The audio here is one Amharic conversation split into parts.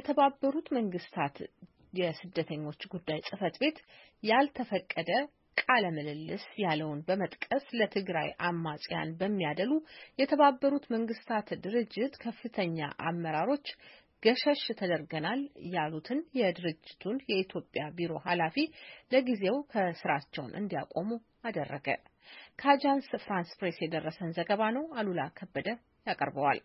የተባበሩት መንግስታት የስደተኞች ጉዳይ ጽህፈት ቤት ያልተፈቀደ ቃለ ምልልስ ያለውን በመጥቀስ ለትግራይ አማጽያን በሚያደሉ የተባበሩት መንግስታት ድርጅት ከፍተኛ አመራሮች ገሸሽ ተደርገናል ያሉትን የድርጅቱን የኢትዮጵያ ቢሮ ኃላፊ ለጊዜው ከስራቸውን እንዲያቆሙ አደረገ። ከአጃንስ ፍራንስ ፕሬስ የደረሰን ዘገባ ነው። አሉላ ከበደ ያቀርበዋል።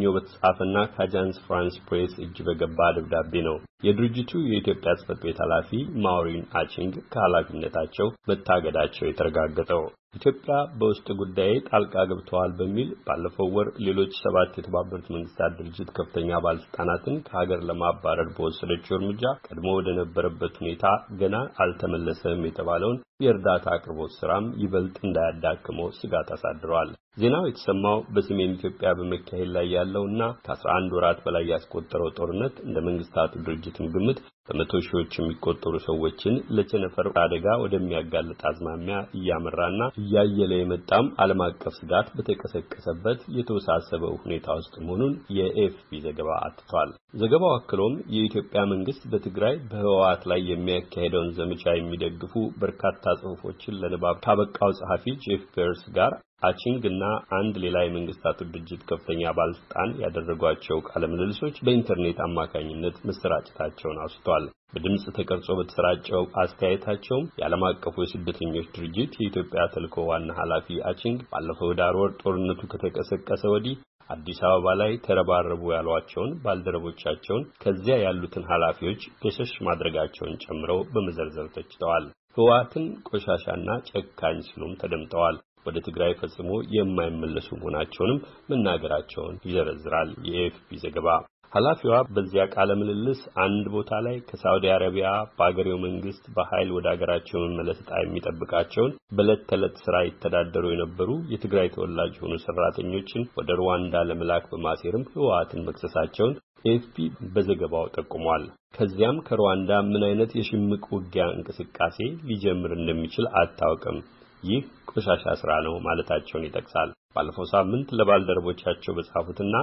ኛው በተጻፈና ከአጃንስ ፍራንስ ፕሬስ እጅ በገባ ደብዳቤ ነው የድርጅቱ የኢትዮጵያ ጽፈት ቤት ኃላፊ ማውሪን አቺንግ ከኃላፊነታቸው መታገዳቸው የተረጋገጠው። ኢትዮጵያ በውስጥ ጉዳይ ጣልቃ ገብተዋል በሚል ባለፈው ወር ሌሎች ሰባት የተባበሩት መንግስታት ድርጅት ከፍተኛ ባለስልጣናትን ከሀገር ለማባረር በወሰደችው እርምጃ ቀድሞ ወደ ነበረበት ሁኔታ ገና አልተመለሰም የተባለውን የእርዳታ አቅርቦት ስራም ይበልጥ እንዳያዳክመው ስጋት አሳድረዋል። ዜናው የተሰማው በሰሜን ኢትዮጵያ በመካሄድ ላይ ያለውና ከአስራ አንድ ወራት በላይ ያስቆጠረው ጦርነት እንደ መንግስታቱ ድርጅትም ግምት በመቶ ሺዎች የሚቆጠሩ ሰዎችን ለቸነፈር አደጋ ወደሚያጋልጥ አዝማሚያ እያመራና እያየለ የመጣም ዓለም አቀፍ ስጋት በተቀሰቀሰበት የተወሳሰበው ሁኔታ ውስጥ መሆኑን የኤፍፒ ዘገባ አትቷል። ዘገባው አክሎም የኢትዮጵያ መንግስት በትግራይ በህወሓት ላይ የሚያካሄደውን ዘመቻ የሚደግፉ በርካታ ጽሑፎችን ለንባብ ካበቃው ጸሐፊ ጄፍ ፔርስ ጋር አቺንግ እና አንድ ሌላ የመንግስታቱ ድርጅት ከፍተኛ ባለስልጣን ያደረጓቸው ቃለ ምልልሶች በኢንተርኔት አማካኝነት መሰራጨታቸውን አውስቷል። በድምፅ ተቀርጾ በተሰራጨው አስተያየታቸውም የዓለም አቀፉ የስደተኞች ድርጅት የኢትዮጵያ ተልኮ ዋና ኃላፊ አቺንግ ባለፈው ዳር ወር ጦርነቱ ከተቀሰቀሰ ወዲህ አዲስ አበባ ላይ ተረባረቡ ያሏቸውን ባልደረቦቻቸውን ከዚያ ያሉትን ኃላፊዎች ገሸሽ ማድረጋቸውን ጨምረው በመዘርዘር ተችተዋል። ህወሓትን ቆሻሻና ጨካኝ ሲሉም ተደምጠዋል። ወደ ትግራይ ፈጽሞ የማይመለሱ መሆናቸውንም መናገራቸውን ይዘረዝራል የኤፍፒ ዘገባ። ኃላፊዋ በዚያ ቃለ ምልልስ አንድ ቦታ ላይ ከሳዑዲ አረቢያ በአገሬው መንግስት በኃይል ወደ አገራቸው መመለስ ዕጣ የሚጠብቃቸውን በዕለት ተዕለት ስራ ይተዳደሩ የነበሩ የትግራይ ተወላጅ የሆኑ ሰራተኞችን ወደ ሩዋንዳ ለመላክ በማሴርም ህወሓትን መክሰሳቸውን ኤፍፒ በዘገባው ጠቁሟል። ከዚያም ከሩዋንዳ ምን አይነት የሽምቅ ውጊያ እንቅስቃሴ ሊጀምር እንደሚችል አታውቅም ይህ ቆሻሻ ስራ ነው ማለታቸውን ይጠቅሳል። ባለፈው ሳምንት ለባልደረቦቻቸው በጻፉትና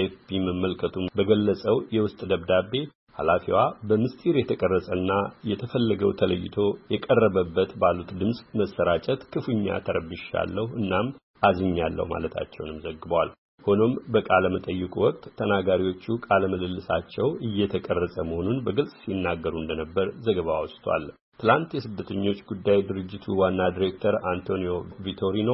ኤፍፒ መመልከቱን በገለጸው የውስጥ ደብዳቤ ኃላፊዋ በምስጢር የተቀረጸና የተፈለገው ተለይቶ የቀረበበት ባሉት ድምፅ መሰራጨት ክፉኛ ተረብሻለሁ እናም አዝኛለሁ ማለታቸውንም ዘግቧል። ሆኖም በቃለ መጠይቁ ወቅት ተናጋሪዎቹ ቃለ ምልልሳቸው እየተቀረጸ መሆኑን በግልጽ ሲናገሩ እንደነበር ዘገባው አውስቷል። ትላንት የስደተኞች ጉዳይ ድርጅቱ ዋና ዲሬክተር አንቶኒዮ ቪቶሪኖ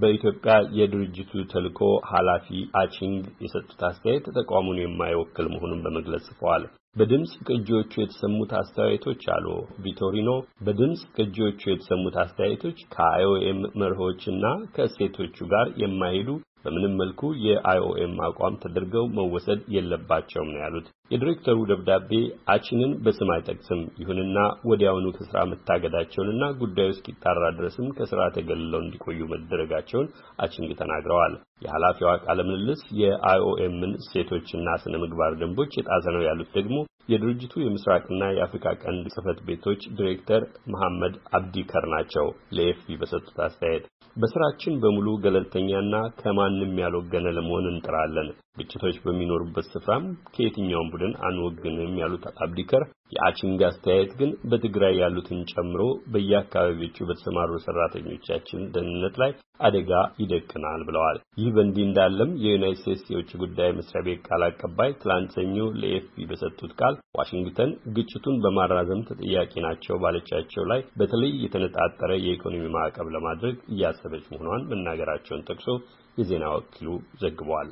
በኢትዮጵያ የድርጅቱ ተልዕኮ ኃላፊ አቺንግ የሰጡት አስተያየት ተቋሙን የማይወክል መሆኑን በመግለጽ ጽፈዋል። በድምፅ ቅጂዎቹ የተሰሙት አስተያየቶች አሉ ቪቶሪኖ፣ በድምፅ ቅጂዎቹ የተሰሙት አስተያየቶች ከአይኦኤም መርሆችና ከእሴቶቹ ጋር የማይሄዱ በምንም መልኩ የአይኦኤም አቋም ተደርገው መወሰድ የለባቸውም ነው ያሉት። የዲሬክተሩ ደብዳቤ አችንን በስም አይጠቅስም። ይሁንና ወዲያውኑ ከስራ መታገዳቸውንና ጉዳዩ እስኪጣራ ድረስም ከስራ ተገልለው እንዲቆዩ መደረጋቸውን አችንግ ተናግረዋል። የኃላፊዋ ቃለ ምልልስ የአይኦኤምን እሴቶችና ስነ ምግባር ደንቦች የጣሰ ነው ያሉት ደግሞ የድርጅቱ የምስራቅና የአፍሪካ ቀንድ ጽህፈት ቤቶች ዲሬክተር መሐመድ አብዲከር ናቸው። ለኤፍፒ በሰጡት አስተያየት በስራችን በሙሉ ገለልተኛና ከማንም ያልወገነ ለመሆን እንጥራለን። ግጭቶች በሚኖሩበት ስፍራም ከየትኛውም ቡድን አንወግንም ያሉት አብዲከር የአችንግ አስተያየት ግን በትግራይ ያሉትን ጨምሮ በየአካባቢዎቹ በተሰማሩ ሰራተኞቻችን ደህንነት ላይ አደጋ ይደቅናል ብለዋል። ይህ በእንዲህ እንዳለም የዩናይት ስቴትስ የውጭ ጉዳይ መስሪያ ቤት ቃል አቀባይ ትላንት ሰኞ ለኤፍፒ በሰጡት ቃል ዋሽንግተን ግጭቱን በማራዘም ተጠያቂ ናቸው ባለቻቸው ላይ በተለይ የተነጣጠረ የኢኮኖሚ ማዕቀብ ለማድረግ እያሰበች መሆኗን መናገራቸውን ጠቅሶ የዜና ወኪሉ ዘግቧል።